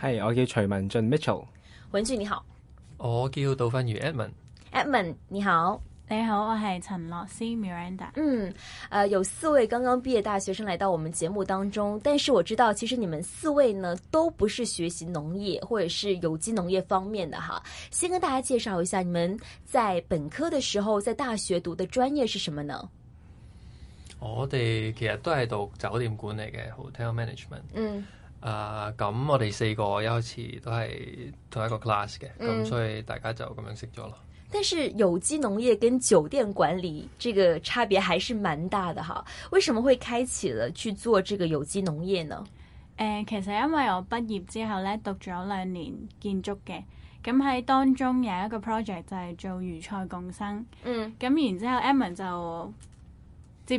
係、hey，我叫徐文俊 Mitchell。文俊，你好。我叫杜芬如 Edmond。Edmond，你好。你好，我係陳樂思 Miranda。嗯，誒、呃，有四位剛剛畢業大學生來到我們節目當中，但是我知道其實你們四位呢，都不是學習農業或者是有機農業方面的哈。先跟大家介紹一下，你們在本科的時候在大學讀的專業是什麼呢？我哋其實都係讀酒店管理嘅 Hotel Management。嗯。啊，咁我哋四個一開始都係同一個 class 嘅，咁所以大家就咁樣識咗咯、嗯。但是，有機農業跟酒店管理這個差別還是蠻大的哈。為什麼會開始咗去做這個有機農業呢？誒、呃，其實因為我畢業之後咧讀咗兩年建築嘅，咁喺當中有一個 project 就係做魚菜共生。嗯，咁然之後，Emman 就。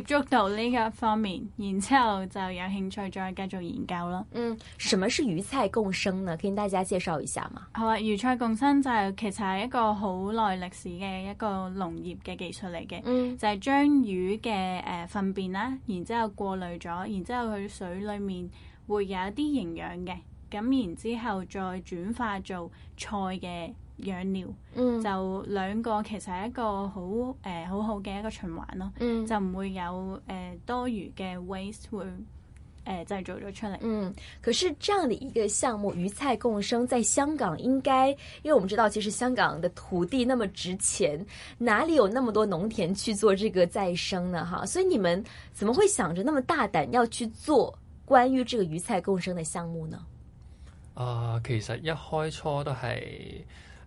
接觸到呢個方面，然之後就有興趣再繼續研究咯。嗯，什麼是，魚菜共生呢？跟大家介紹一下嘛？好啊，魚菜共生就係、是、其實係一個好耐歷史嘅一個農業嘅技術嚟嘅，嗯，就係、是、將魚嘅誒糞便啦，然之後過濾咗，然之後佢水裏面會有一啲營養嘅，咁然之後再轉化做菜嘅。養尿就兩個，其實係一個、呃、好誒，好好嘅一個循環咯、嗯，就唔會有誒、呃、多餘嘅 waste 會誒製造咗出嚟，嗯，可是這樣的一個項目魚菜共生，在香港應該，因為我們知道其實香港的土地那麼值錢，哪裏有那麼多農田去做這個再生呢？哈，所以你們怎麼會想着那麼大膽要去做關於這個魚菜共生的項目呢？啊、呃，其實一開初都係。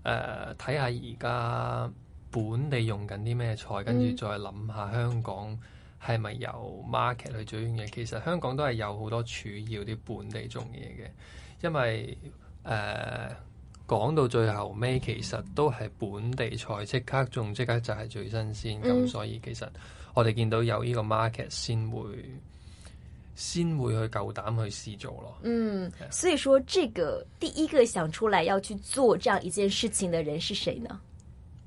誒睇下而家本地用緊啲咩菜，跟、嗯、住再諗下香港係咪由 market 去做追嘅？其實香港都係有好多處要啲本地種嘢嘅，因為誒、呃、講到最後尾，其實都係本地菜即刻種即刻就係最新鮮。咁、嗯、所以其實我哋見到有呢個 market 先會。先會去夠膽去試做咯。嗯，所以說，這個第一個想出來要去做這樣一件事情的人是誰呢？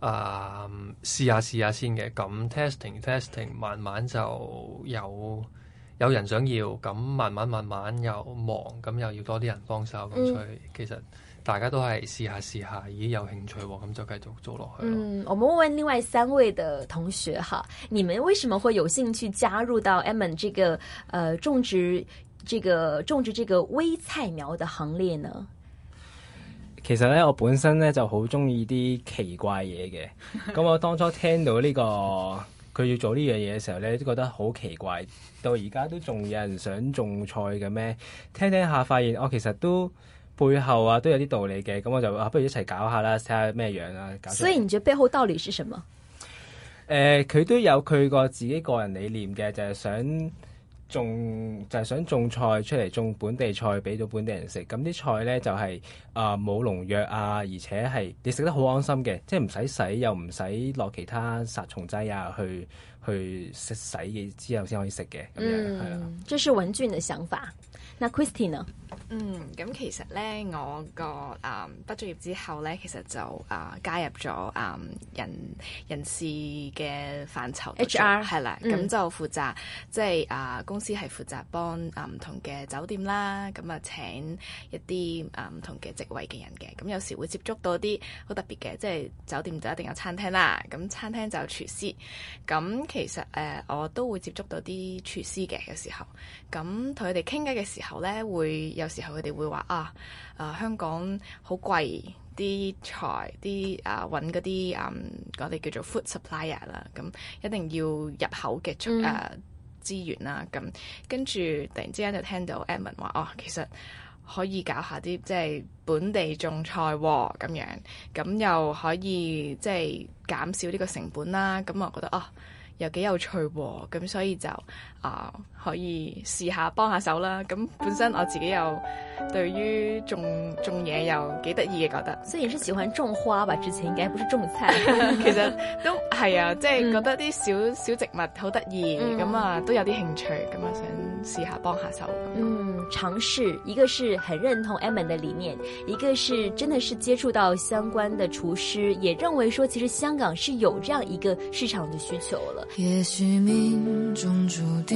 啊，試下試下先嘅，咁 testing testing，慢慢就有有人想要，咁慢慢慢慢又忙，咁又要多啲人幫手，咁、嗯、所以其實大家都係試下試下，已經有興趣喎、哦，咁就繼續做落去咯。嗯、我哋問另外三位嘅同學哈，你們為什麼會有興趣加入到 e m m o n 這個，呃，種植這個種植這個微菜苗的行列呢？其實咧，我本身咧就好中意啲奇怪嘢嘅。咁我當初聽到呢個佢要做呢樣嘢嘅時候咧，都覺得好奇怪。到而家都仲有人想種菜嘅咩？聽聽下，發現我、哦、其實都背後啊都有啲道理嘅。咁我就啊，不如一齊搞下啦，睇下咩樣啦。所以你覺得背後道理是什麼？誒、呃，佢都有佢個自己個人理念嘅，就係想。種就係、是、想種菜出嚟，種本地菜俾到本地人食。咁啲菜咧就係啊冇農藥啊，而且係你食得好安心嘅，即係唔使洗，又唔使落其他殺蟲劑啊，去去洗嘅之後先可以食嘅咁樣係啦。嗯、是，這是文俊的想法。嗱 Christina 嗯，咁其實咧，我個誒畢咗業之後咧，其實就誒、呃、加入咗誒、嗯、人人事嘅範疇 HR 係啦，咁、嗯、就負責即係啊、呃、公司係負責幫啊唔同嘅酒店啦，咁、嗯、啊請一啲啊唔同嘅職位嘅人嘅，咁、嗯、有時會接觸到啲好特別嘅，即係酒店就一定有餐廳啦，咁、嗯、餐廳就有廚師，咁、嗯、其實誒、呃、我都會接觸到啲廚師嘅有時候，咁同佢哋傾偈嘅時候。後咧會有時候佢哋會話啊，誒、呃、香港好貴啲材啲啊，揾嗰啲嗯，我哋叫做 food supplier 啦，咁一定要入口嘅誒資源啦，咁、嗯、跟住突然之間就聽到 Edmond 話哦，其實可以搞下啲即係本地種菜喎，咁、哦、樣咁又可以即係減少呢個成本啦，咁我覺得哦、啊、又幾有趣喎，咁、哦、所以就。啊、可以試下幫下手啦，咁本身我自己又對於種種嘢，又幾得意嘅，覺得，雖然係喜歡種花吧？之前應該不是種菜， 其實都係啊，即、嗯、係、嗯、覺得啲小小植物好得意，咁、嗯、啊都有啲興趣，咁啊想試下幫下手。嗯，嘗試，一個是很認同 e m e n 的理念，一個是真的是接觸到相關的廚師，也認為說其實香港是有這樣一個市場的需求了。也許命中注定。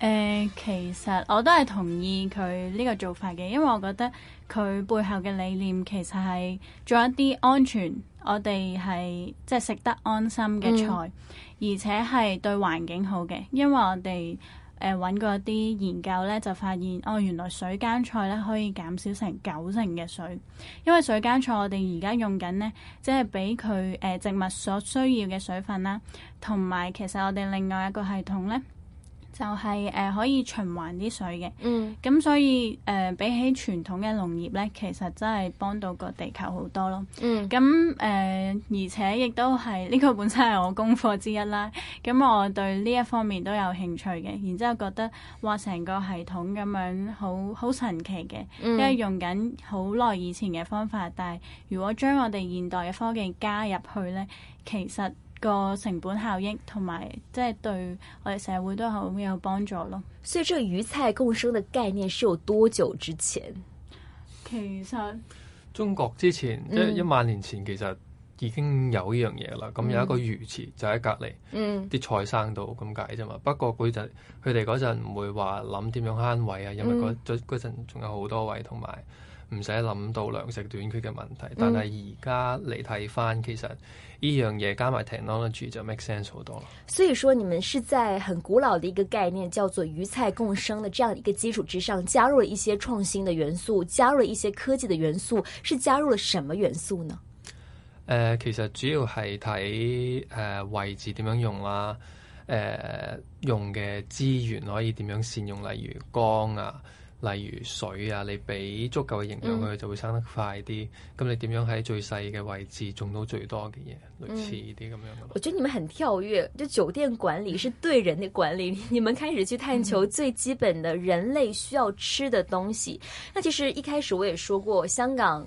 誒、呃，其實我都係同意佢呢個做法嘅，因為我覺得佢背後嘅理念其實係做一啲安全，我哋係即係食得安心嘅菜、嗯，而且係對環境好嘅。因為我哋誒揾過一啲研究咧，就發現哦，原來水耕菜咧可以減少成九成嘅水，因為水耕菜我哋而家用緊呢，即係俾佢誒植物所需要嘅水分啦，同埋其實我哋另外一個系統咧。就係、是、誒、呃、可以循環啲水嘅，咁、嗯、所以誒、呃、比起傳統嘅農業咧，其實真係幫到個地球好多咯。咁、嗯、誒、呃、而且亦都係呢、這個本身係我功課之一啦。咁我對呢一方面都有興趣嘅，然之後覺得哇成個系統咁樣好好神奇嘅、嗯，因為用緊好耐以前嘅方法，但係如果將我哋現代嘅科技加入去咧，其實。個成本效益同埋，即係對我哋社會都好有幫助咯。所以，呢個魚菜共生的概念是有多久之前？其實，中國之前、嗯、即係一萬年前，其實已經有呢樣嘢啦。咁、嗯嗯、有一個魚池就喺隔籬，嗯，啲菜生度咁解啫嘛。不過佢佢哋嗰陣唔會話諗點樣慳位啊，因為嗰嗰陣仲有好多位同埋。唔使諗到糧食短缺嘅問題，但係而家嚟睇翻，其實呢樣嘢加埋 technology 就 make sense 好多啦。所以說你們是在很古老的一個概念叫做魚菜共生的這樣一個基礎之上，加入了一些創新的元素，加入了一些科技的元素，是加入了什麼元素呢？呃，其實主要係睇，呃，位置點樣用啦，啊呃，用嘅資源可以點樣善用，例如光啊。例如水啊，你俾足夠嘅營養佢，就會生得快啲。咁、嗯、你點樣喺最細嘅位置種到最多嘅嘢、嗯？類似啲咁樣嘅。我覺得你們很跳躍，就酒店管理是對人的管理， 你們開始去探求最基本嘅人類需要吃嘅東西。 那其實一開始我也說過，香港。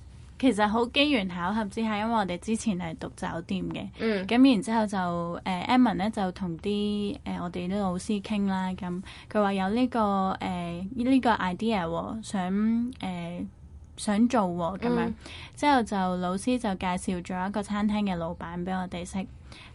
其實好機緣巧合之下，因為我哋之前係讀酒店嘅，咁、嗯、然之後就 Emin 咧就同啲、呃、我哋啲老師傾啦，咁佢話有呢、呢個呢、呃呢個 idea、哦、想、呃、想做喎、哦、咁樣、嗯，之後就老師就介紹咗一個餐廳嘅老闆俾我哋識。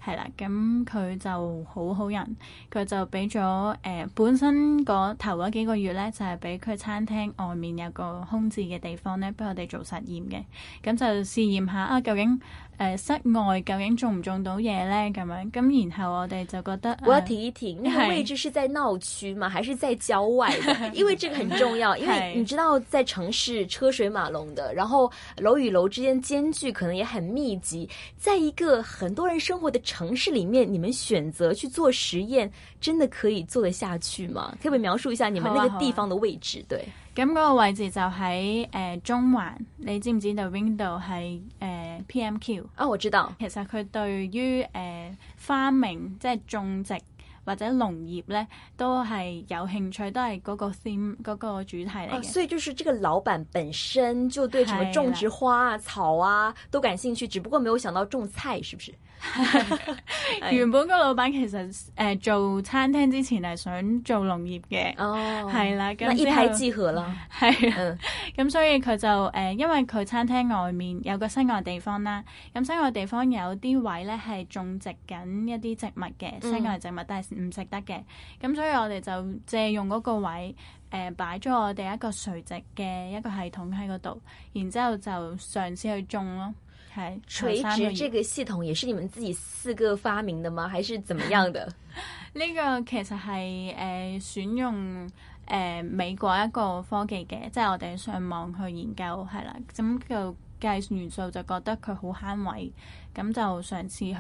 係啦，咁佢就好好人，佢就俾咗誒本身嗰頭嗰幾個月咧，就係俾佢餐廳外面有個空置嘅地方咧，俾我哋做實驗嘅，咁就試驗下啊究竟。誒、呃、室外究竟種唔種到嘢呢？咁樣咁，然後我哋就覺得，我要停一停，個、呃、位置是在鬧區嘛，是還是在郊外？因為這個很重要， 因為你知道在城市車水馬龍的，然後樓與樓之間間距可能也很密集，在一個很多人生活的城市裏面，你們選擇去做實驗。真的可以做得下去嗎？可唔可以描述一下你們那個地方的位置？啊啊、對噉嗰個位置就喺誒、呃、中環，你知唔知呢個 Window？係誒 PMQ 啊、哦，我知道。其實佢對於誒 farming 即係種植或者農業咧，都係有興趣，都係嗰個 theme 嗰個主題嚟嘅，所以就是這個老闆本身就對什麼種植花啊、草啊都感興趣，只不過沒有想到種菜，是不是？ 原本個老闆其實誒、呃、做餐廳之前係想做農業嘅，哦，係啦，咁一拍即合啦，係 咁、嗯、所以佢就誒、呃、因為佢餐廳外面有個室外的地方啦，咁室外的地方有啲位咧係種植緊一啲植物嘅，室、嗯、外植物但係唔食得嘅，咁所以我哋就借用嗰個位誒擺咗我哋一個垂直嘅一個系統喺嗰度，然之後就嘗試去種咯。垂直這個系統也是你們自己四個發明的嗎？還是怎麼樣的？呢 個其實係誒選用誒美國一個科技嘅，即係我哋上網去研究係啦，咁就計算元素就覺得佢好慳位。咁就上次去誒、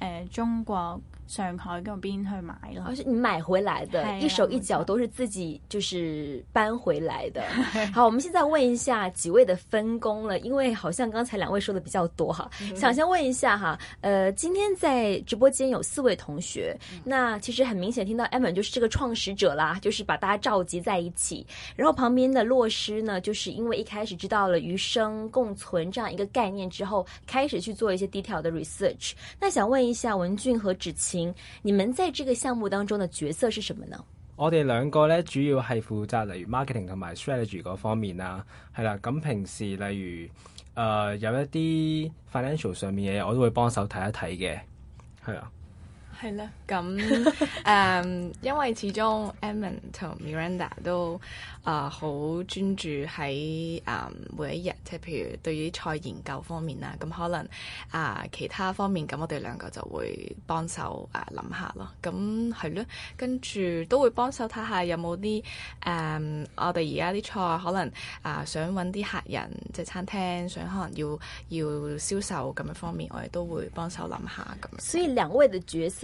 呃、中國上海嗰邊去買啦，而且你買回來的一手一腳都是自己就是搬回來的。 好，我們現在問一下幾位的分工了，因為好像剛才兩位說的比較多哈，mm -hmm. 想先問一下哈，呃，今天在直播間有四位同學，mm -hmm. 那其實很明顯聽到 Evan 就是這個創始者啦，就是把大家召集在一起，然後旁邊的洛師呢，就是因為一開始知道了餘生共存這樣一個概念之後，開始去做一些 detail。好的 research，那想問一下文俊和芷晴，你們在這個項目當中的角色是什麼呢？我哋兩個咧，主要係負責例如 marketing 同埋 strategy 嗰方面啊，係啦、啊。咁平時例如誒、呃、有一啲 financial 上面嘅嘢，我都會幫手睇一睇嘅，係啊。係啦，咁誒、 um，因為始終 Emmet 同 Miranda 都啊好專注喺誒、呃、每一日，即係譬如對於啲菜研究方面啦，咁可能啊、呃、其他方面，咁我哋兩個就會幫手誒諗下咯。咁係咯，跟住都會幫手睇下有冇啲誒我哋而家啲菜可能啊、呃、想揾啲客人，即係餐廳想可能要要銷售咁嘅方面，我哋都會幫手諗下咁。所以兩位嘅角色。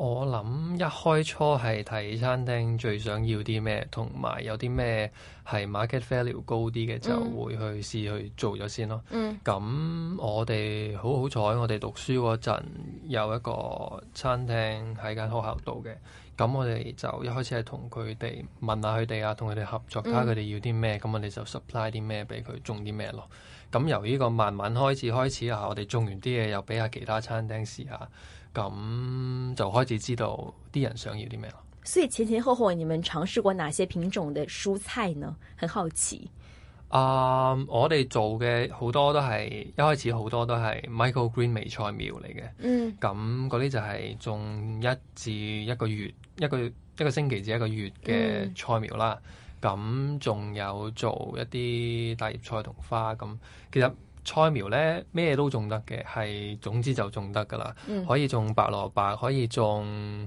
我諗一開初係睇餐廳最想要啲咩，同埋有啲咩係 market value 高啲嘅，就會去試去做咗先咯。咁、嗯、我哋好好彩，我哋讀書嗰陣有一個餐廳喺間學校度嘅，咁我哋就一開始係同佢哋問下佢哋啊，同佢哋合作，睇下佢哋要啲咩，咁、嗯、我哋就 supply 啲咩俾佢種啲咩咯。咁由呢個慢慢開始開始啊，我哋種完啲嘢又俾下其他餐廳試下。咁就開始知道啲人想要啲咩啦。所以前前後後，你們嘗試過哪些品種的蔬菜呢？很好奇。啊、uh，我哋做嘅好多都係一開始好多都係 micro green 微菜苗嚟嘅。嗯。咁嗰啲就係種一至一個月，一個一個星期至一個月嘅菜苗啦。咁、嗯、仲有做一啲大葉菜同花咁，其實。菜苗呢，咩都種得嘅，係，總之就種得㗎啦，嗯，可以種白蘿蔔，可以種。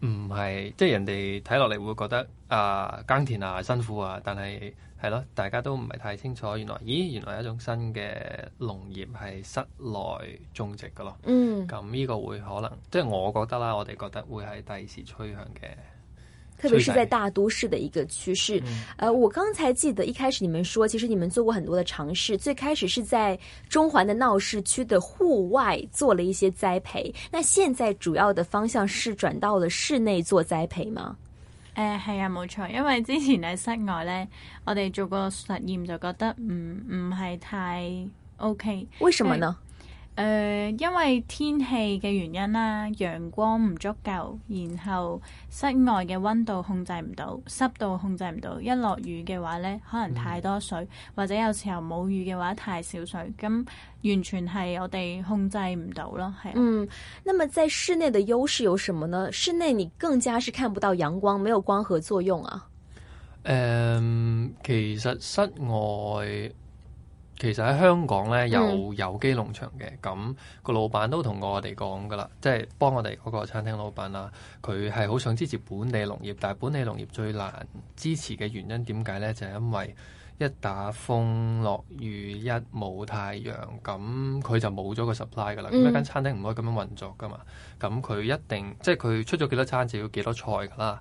唔係，即係人哋睇落嚟會覺得啊耕田啊辛苦啊，但係係咯，大家都唔係太清楚，原來有，咦原來一種新嘅農業係室內種植㗎咯。嗯，咁呢個會可能即係我覺得啦，我哋覺得會係第二時趨向嘅。特別是在大都市的一個趨勢。嗯，呃，我剛才記得一開始你們說，其實你們做過很多的嘗試，最開始是在中環的鬧市區的戶外做了一些栽培，那現在主要的方向是轉到了室內做栽培嗎？哎、呃，係啊，冇錯，因為之前喺室外咧，我哋做過實驗就覺得唔唔係太 OK，為什麼呢？呃誒、呃，因為天氣嘅原因啦、啊，陽光唔足夠，然後室外嘅溫度控制唔到，濕度控制唔到。一落雨嘅話呢，可能太多水；嗯、或者有時候冇雨嘅話太少水，咁完全係我哋控制唔到囉。係、啊。嗯，那麼在室內嘅優勢有什麼呢？室內你更加是看不到陽光，沒有光合作用啊。嗯，其實室外。其實喺香港咧有有機農場嘅，咁、嗯、個老闆都同我哋講噶啦，即係幫我哋嗰個餐廳老闆啦，佢係好想支持本地農業，但係本地農業最難支持嘅原因點解咧？就係因為一打風落雨一冇太陽，咁佢就冇咗個 supply 噶啦，咁、嗯、一間餐廳唔可以咁樣運作噶嘛，咁佢一定即係佢出咗幾多餐就要幾多菜噶啦。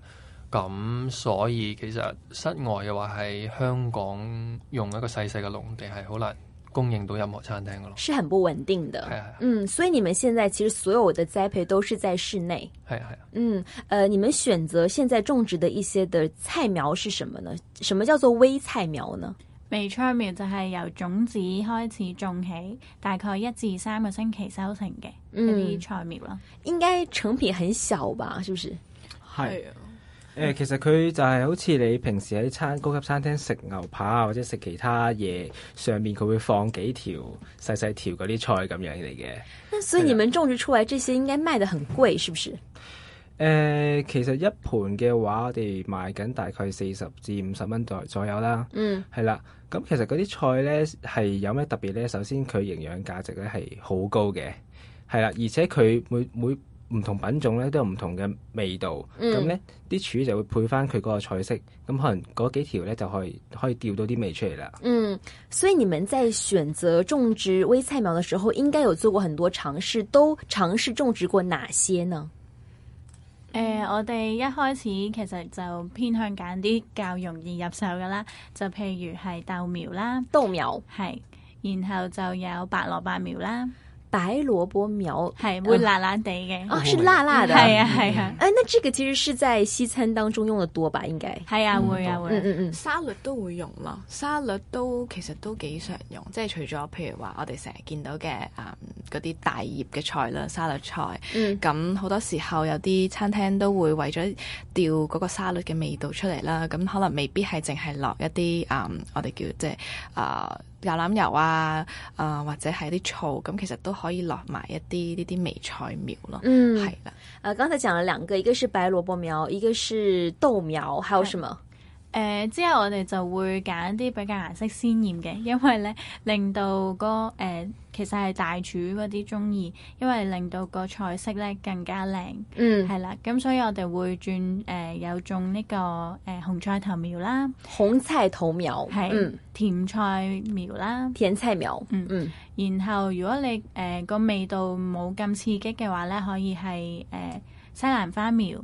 咁、嗯、所以其實室外嘅話喺香港用一個細細嘅農地係好難供應到任何餐廳㗎咯，是很不穩定的。係啊，嗯，所以你們現在其實所有嘅栽培都是在室內。係啊，係啊，嗯，誒、呃，你們選擇現在種植的一些的菜苗是什麼呢？什麼叫做微菜苗呢？微菜苗就係由種子開始種起，大概一至三個星期收成嘅一啲菜苗啦。應該成品很小吧？是不是？係啊。誒、嗯，其實佢就係好似你平時喺餐高級餐廳食牛扒，或者食其他嘢，上面佢會放幾條細細條嗰啲菜咁樣嚟嘅。所以你們種植出來這些應該賣得很貴，是不是？誒、嗯，其實一盤嘅話，我哋賣緊大概四十至五十蚊左左右啦、嗯。嗯，係啦。咁其實嗰啲菜呢，係有咩特別呢？首先它營養價，佢營養價值呢係好高嘅。係啦，而且佢每每唔同品種咧都有唔同嘅味道，咁咧啲柱就會配翻佢嗰個菜式。咁可能嗰幾條咧就可以可以釣到啲味出嚟啦。嗯，所以你們在選擇種植微菜苗的時候，應該有做過很多嘗試都嘗試種植過哪些呢？誒、呃，我哋一開始其實就偏向揀啲較容易入手㗎啦，就譬如係豆苗啦，豆苗，係，然後就有白蘿蔔苗啦。白蘿蔔苗係、嗯、會辣辣地嘅，哦，是辣辣的，係啊係啊，誒、啊啊嗯啊，那這個其實是在西餐當中用得多吧？應該係啊會啊會，嗯會、啊、嗯嗯，沙律都會用咯，沙律都其實都幾常用，即係除咗譬如話我哋成日見到嘅誒嗰啲大葉嘅菜啦，沙律菜，嗯，咁好多時候有啲餐廳都會為咗調個沙律嘅味道出嚟啦，咁可能未必係淨係落一啲誒、嗯、我哋叫即係誒。呃橄欖油啊，啊、呃、或者係啲醋，咁其實都可以落埋一啲呢啲微菜苗咯。嗯，係啦。啊、呃，剛才講了兩個，一個是白蘿蔔苗，一個是豆苗，還有什麼？誒、呃、之後我哋就會揀一啲比較顏色鮮豔嘅，因為咧令到、個、呃、其實係大廚嗰啲中意，因為令到個菜式咧更加靚。嗯，係啦，咁所以我哋會轉、呃、有種呢、呢個紅菜頭苗啦，紅菜頭苗，係、嗯，甜菜苗啦，甜菜苗，嗯嗯，然後如果你個、呃、味道冇咁刺激嘅話咧，可以係、呃、西蘭花苗。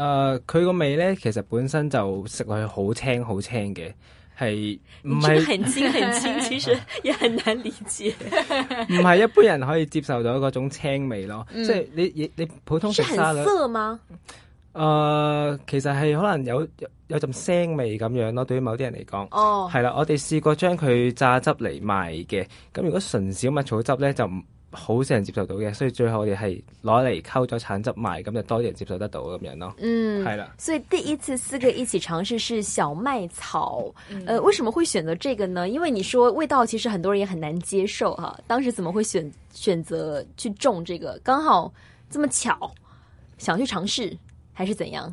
誒、呃，佢個味咧，其實本身就食落去好青、好青嘅，係唔係很青、 很青，其實也很難理解，唔 係一般人可以接受到嗰種青味咯。即、嗯、係你你普通食沙律，是色嗎？誒、呃，其實係可能有有陣腥味咁樣咯。對於某啲人嚟講，哦，係啦，我哋試過將佢榨汁嚟賣嘅。咁如果純小麥草汁咧，就唔。好少人接受到嘅，所以最後我哋係攞嚟溝咗橙汁賣，咁就多啲人接受得到咁樣咯。嗯，係啦。所以第一次四個一起嘗試是小麥草， 呃，為什麼會選擇這個呢？因為你說味道其實很多人也很難接受哈、啊，當時怎麼會選選擇去種這個？剛好這麼巧，想去嘗試還是怎樣？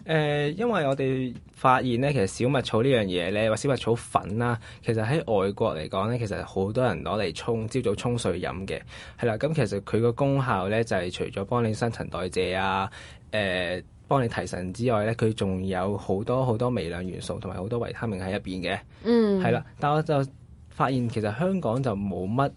誒、呃，因為我哋發現咧，其實小麥草呢樣嘢咧，或小麥草粉啦、啊，其實喺外國嚟講咧，其實好多人攞嚟沖朝早沖水飲嘅，係啦。咁其實佢個功效咧，就係、是、除咗幫你新陳代謝啊，誒、呃，幫你提神之外咧，佢仲有好多好多微量元素同埋好多維他命喺入邊嘅，嗯，係啦。但我就發現其實香港就冇乜。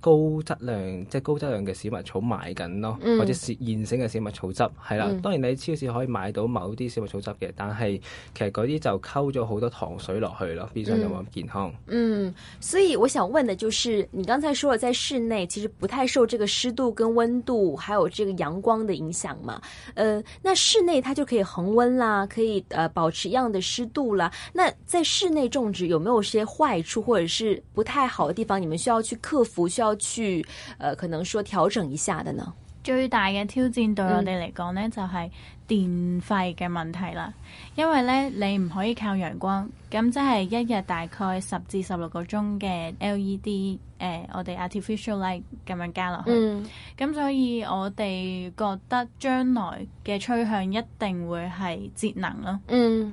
高質量即係高質量嘅小麥草買緊咯，或者現成嘅小麥草汁係、嗯、啦、嗯。當然你喺超市可以買到某啲小麥草汁嘅，但係其實嗰啲就溝咗好多糖水落去咯，變相就冇咁健康嗯。嗯，所以我想問嘅就是，你剛才說咗在室內其實不太受這個濕度跟溫度，還有這個陽光嘅影響嘛？呃，那室內它就可以恆溫啦，可以呃保持一樣嘅濕度啦。那在室內種植有冇有些壞處，或者是不太好的地方？你們需要去克服，需要？去，誒、呃，可能說調整一下的呢。最大嘅挑戰對我哋嚟講呢，就係電費嘅問題啦、嗯。因為呢，你唔可以靠陽光，咁即係一日大概十至十六個鐘嘅 LED，誒、呃，我哋 artificial light 咁樣加落去。咁、嗯、所以我哋覺得將來嘅趨向一定會係節能咯。嗯。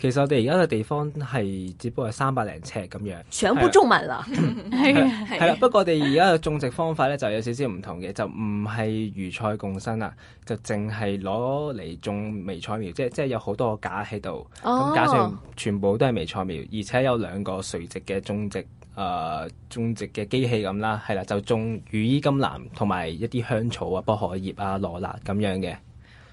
其實我哋而家嘅地方係只不過係三百零尺咁樣，全部種滿啦，係啊，係 是的 不過我哋而家嘅種植方法咧就有少少唔同嘅，就唔係魚菜共生啦，就淨係攞嚟種微菜苗，即係即係有好多架喺度，咁加上全部都係微菜苗，哦，而且有兩個垂直嘅種植，誒、呃、種植嘅機器咁啦，係啦，就種羽衣甘藍同埋一啲香草啊、薄荷葉啊、羅勒咁樣嘅。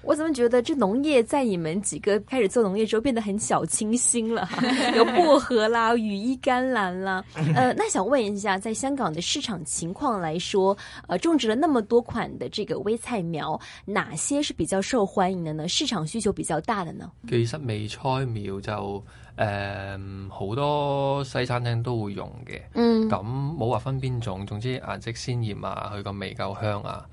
我怎麼覺得這農業在你們幾個開始做農業之後變得很小清新了？ 有薄荷啦，羽衣甘藍啦。呃，那想問一下，在香港的市場情況來說，呃，種植了那麼多款的這個微菜苗，哪些是比較受歡迎的呢？市場需求比較大的呢？其實微菜苗就，呃好多西餐廳都會用嘅。嗯。咁冇話分邊種，總之顏色鮮艷啊，佢個味夠香啊。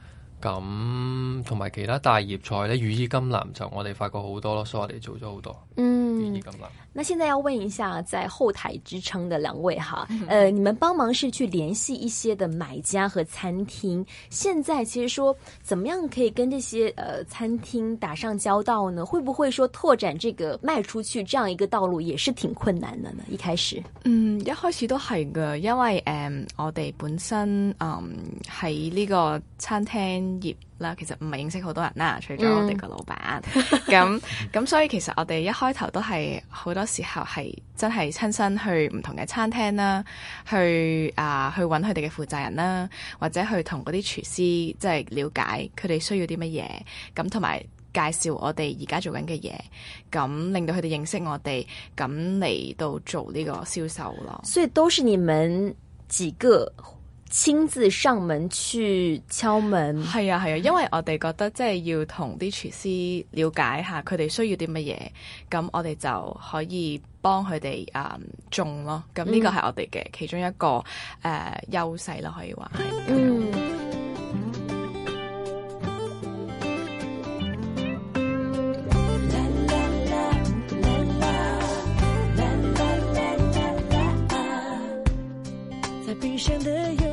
咁同埋其他大葉菜咧，羽衣甘藍就我哋發覺好多咯，所以我哋做咗好多嗯、羽衣甘藍。那現在要問一下，在後台支撐的兩位哈、嗯，呃，你們幫忙是去聯繫一些的買家和餐廳。現在其實說怎麼樣可以跟這些呃餐廳打上交道呢？會不會說拓展這個賣出去這樣一個道路也是挺困難的呢？一開始，嗯，一開始都係嘅，因為誒、嗯，我哋本身嗯喺呢個餐廳業。其實唔係認識好多人啦、啊，除咗我哋個老闆，咁、嗯、咁 所以其實我哋一開頭都係好多時候係真係親身去唔同嘅餐廳啦，去啊去揾佢哋嘅負責人啦，或者去同嗰啲廚師即係、就是、了解佢哋需要啲乜嘢，咁同埋介紹我哋而家做緊嘅嘢，咁令到佢哋認識我哋，咁嚟到做呢個銷售咯。所以都是你們幾個。親自上門去敲門，係啊，係啊係啊，因為我哋覺得即係要同啲廚師了解下佢哋需要啲乜嘢，咁我哋就可以幫佢哋啊種咯，咁呢個係我哋嘅其中一個誒優勢咯，呃、可以話係。嗯嗯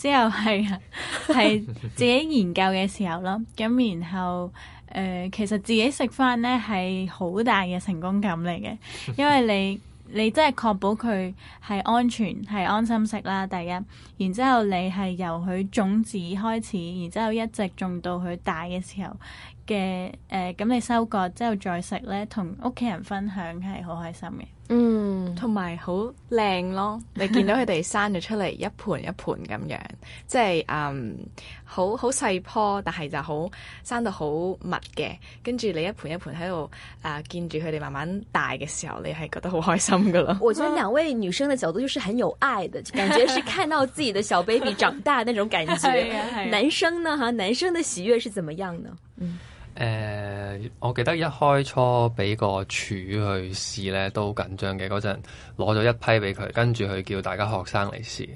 之後係啊，係自己研究嘅時候咯，咁然後誒、呃，其實自己食翻呢係好大嘅成功感嚟嘅，因為你你真係確保佢係安全，係安心食啦，第一，然之後你係由佢種子開始，然之後一直種到佢大嘅時候嘅誒，咁、呃、你收割之後再食呢，同屋企人分享係好開心嘅。嗯同埋好靚咯， 你見到佢哋生咗出嚟一盤一盤咁樣，即係嗯好好細棵，但係就好生得好密嘅，跟住你一盤一盤喺度誒，見住佢哋慢慢大嘅時候，你係覺得好開心噶喇。我覺得兩位女生的角度就是很有愛的 感覺，是看到自己的小 baby 長大那種感覺。 啊啊啊、男生呢？哈，男生的喜悦是怎麼樣呢？嗯誒、呃，我記得一開初俾個處去試呢，都緊張嘅，嗰陣攞咗一批俾佢，跟住佢叫大家學生嚟試，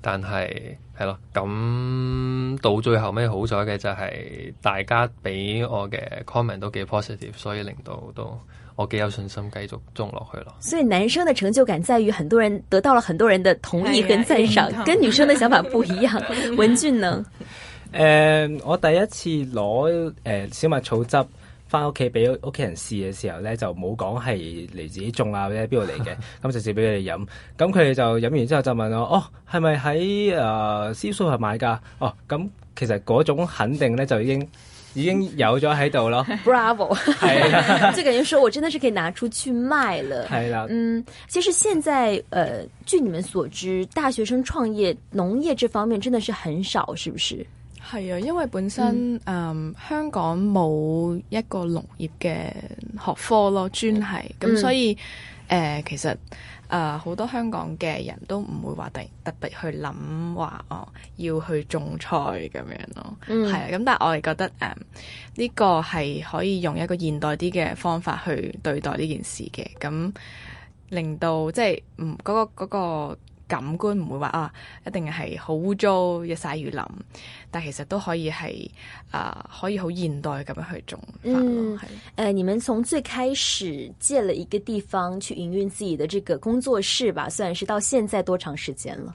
但係係咯，咁到最後尾好彩嘅就係大家俾我嘅 comment 都幾 positive，所以令到都我幾有信心繼續中落去咯。所以男生的成就感在於很多人得到了很多人的同意跟讚賞，啊，跟女生的想法不一樣。 文俊呢？ 誒、嗯，我第一次攞誒、呃、小麥草汁翻屋企俾屋企人試嘅時候咧，就冇講係嚟自己種啊，或者邊度嚟嘅，咁直接俾佢哋飲。咁佢哋就飲完之後就問我：哦，係咪喺誒思蘇克買㗎？哦，咁、嗯、其實嗰種肯定咧就已經已經有咗喺度咯。Bravo！ 是、啊、 就等於說我真的是可以拿出去賣了。係啦，嗯，其實現在誒、呃，據你們所知，大學生創業農業這方面真的是很少，是不是？係啊，因為本身誒、嗯嗯、香港冇一個農業嘅學科咯，專係咁，嗯、所以誒、嗯呃、其實誒好、呃、多香港嘅人都唔會話特別去諗話哦要去種菜咁樣咯，係、嗯、啊。咁但我係覺得誒呢、呃呢個係可以用一個現代啲嘅方法去對待呢件事嘅，咁令到即係唔嗰個嗰個。嗰個感官唔會話啊，一定係好污糟，日曬雨淋，但其實都可以係啊、呃，可以好現代咁樣去種花咯。誒、嗯呃，你們從最開始借了一個地方去營運自己的這個工作室吧，算是到現在多長時間了？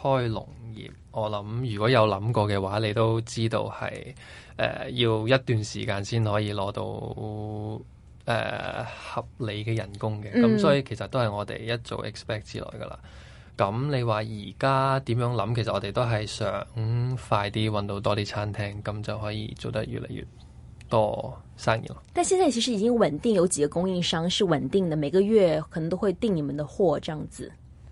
開農業，我諗如果有諗過嘅話，你都知道係誒、呃、要一段時間先可以攞到誒、呃、合理嘅人工嘅，咁、嗯、所以其實都係我哋一早 expect 之內噶啦。咁你話而家點樣諗？其實我哋都係想快啲搵到多啲餐廳，咁就可以做得越嚟越多生意咯。但現在其實已經穩定，有幾個供應商是穩定的，每個月可能都會訂你們的貨，這樣子。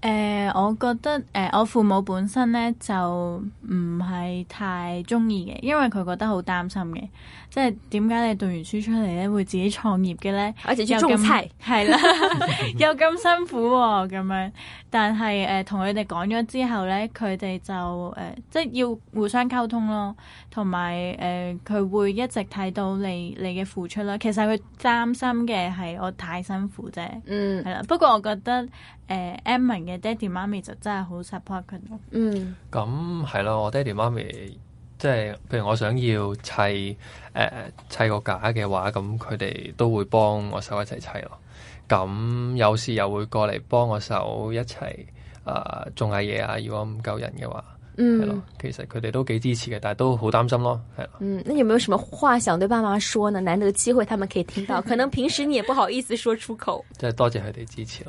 誒、呃，我覺得誒、呃，我父母本身咧就唔係太中意嘅，因為佢覺得好擔心嘅，即係點解你讀完書出嚟咧會自己創業嘅咧？ 又咁係啦，有咁辛苦咁、哦、樣。但係誒，同佢哋講咗之後咧，佢哋就誒、呃，即係要互相溝通咯，同埋誒，佢、呃、會一直睇到你你嘅付出啦。其實佢擔心嘅係我太辛苦啫。嗯，係啦。不過我覺得。誒，Ammon 嘅爹地媽咪就真係好 support 佢、mm. 嗯，咁係咯，我爹地媽咪即係譬如我想要砌誒、呃、砌個架嘅話，咁佢哋都會幫我手一齊砌咯。咁、嗯、有時又會過嚟幫我手一齊誒做下嘢啊。如果唔夠人嘅話，嗯，其實佢哋都幾支持嘅，但係都好擔心咯。係啦，嗯，你有冇有什麼話想對爸爸媽媽說呢？難得機會，他們可以聽到，可能平時你也不好意思說出口。即係多謝佢哋支持囉。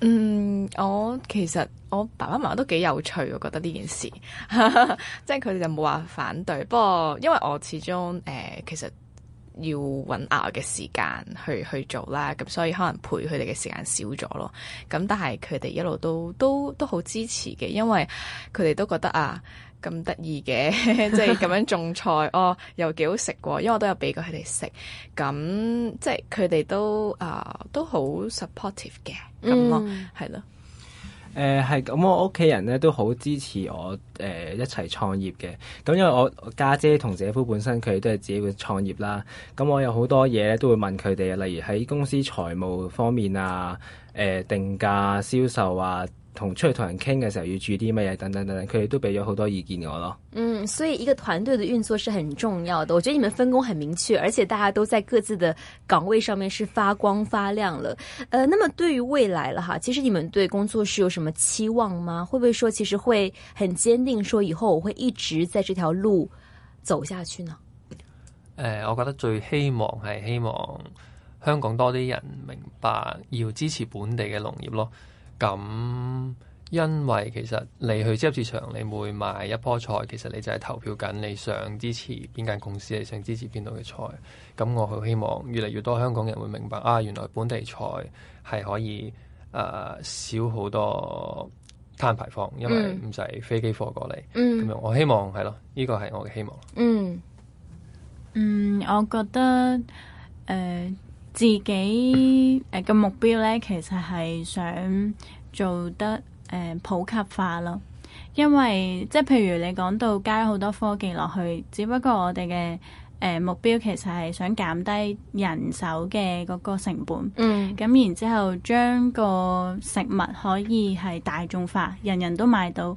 嗯，我其實我爸爸媽媽都幾有趣，我覺得呢件事，哈哈即係佢哋就冇話反對，不過因為我始終、呃、其實要揾額外嘅時間去去做啦，咁所以可能陪佢哋嘅時間少咗咯，咁但係佢哋一路都都都好支持嘅，因為佢哋都覺得啊。咁得意嘅，即係咁樣種菜 哦，又幾好食喎！因為我有、即係、都有俾過佢哋食，咁即係佢哋都啊、嗯呃、都好 supportive 嘅，咁咯，係咯。係咁，我屋企人咧都好支持我、呃、一齊創業嘅。咁因為我家姐同姐、姐夫本身佢哋都係自己會創業啦。咁我有好多嘢都會問佢哋啊，例如喺公司財務方面啊，呃、定價、銷售啊。同出去同人傾嘅時候要注意啲乜嘢等等等等，佢哋都俾咗好多意見我咯。嗯，所以一個團隊嘅運作是很重要的。我覺得你們分工很明確，而且大家都在各自的崗位上面是發光發亮了。呃，那麼對於未來了哈，其實你們對工作室有什麼期望嗎？會不會說其實會很堅定，說以後我會一直在這條路走下去呢？誒、呃，我覺得最希望係希望香港多啲人明白要支持本地嘅農業咯。咁，因為其實你去超級市場，你每買一樖菜，其實你就係投票緊，你想支持邊間公司，你想支持邊度嘅菜。咁我好希望越嚟越多香港人會明白啊，原來本地菜係可以誒、呃、少好多碳排放，因為唔使飛機貨過嚟。咁、嗯、樣我希望係咯，呢、嗯，這個係我嘅希望。嗯，嗯，我覺得誒。呃自己誒嘅目標呢，其實係想做得、呃、普及化咯。因為即係譬如你講到加好多科技落去，只不過我哋嘅、呃、目標其實係想減低人手嘅嗰個成本。嗯，咁然之後將個食物可以係大眾化，人人都買到。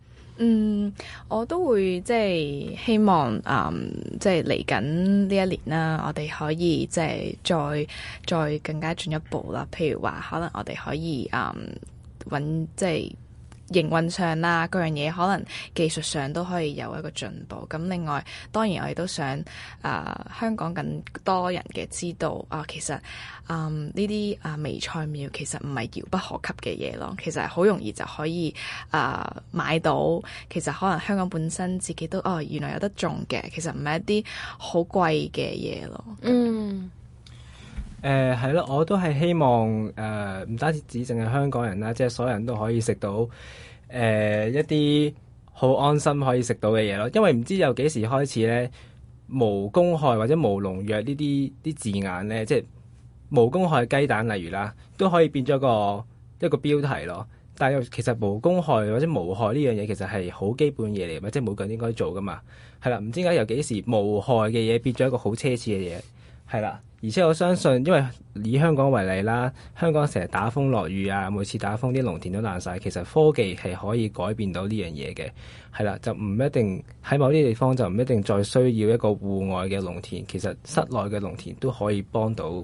嗯，我都會即係希望誒、嗯，即係嚟緊呢一年啦，我哋可以即係再再更加進一步喇。譬如話，可能我哋可以嗯，揾即係。營運上啦、啊，各樣嘢可能技術上都可以有一個進步。咁另外，當然我哋都想啊、呃，香港更多人嘅知道啊、哦，其實嗯呢啲啊微菜苗其實唔係遙不可及嘅嘢咯。其實係好容易就可以啊、呃、買到。其實可能香港本身自己都哦原來有得種嘅，其實唔係一啲好貴嘅嘢咯。嗯。誒係咯，我都係希望誒唔單止指淨係香港人啦，即係所有人都可以食到誒一啲好安心可以食到嘅嘢咯。因為唔知由幾時開始咧，無公害或者無農藥呢啲啲字眼咧，即係無公害雞蛋，例如啦，都可以變咗個一個標題咯。但係其實無公害或者無害呢樣嘢，其實係好基本嘢嚟，即係每個人應該做噶嘛。係啦，唔知點解由幾時無害嘅嘢變咗一個好奢侈嘅嘢，係啦。而且我相信，因為以香港為例啦，香港成日打風落雨啊，每次打風啲農田都爛晒，其實科技係可以改變到呢樣嘢嘅。係啦，就唔一定喺某啲地方就唔一定再需要一個戶外嘅農田，其實室內嘅農田都可以幫到。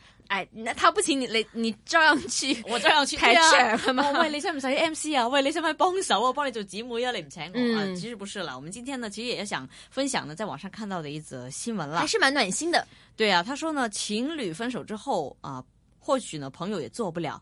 哎，那他不請你你你照樣去，我照樣去踢場係嘛？喂，你使唔使 M C 啊？喂，你使唔使幫手啊？幫你做姊妹啊？你唔請我啊？其實不是啦，我們今天呢其實也想分享呢，在網上看到的一則新聞啦，還是蠻暖心的。對啊，他說呢，情侶分手之後啊，或許呢朋友也做不了。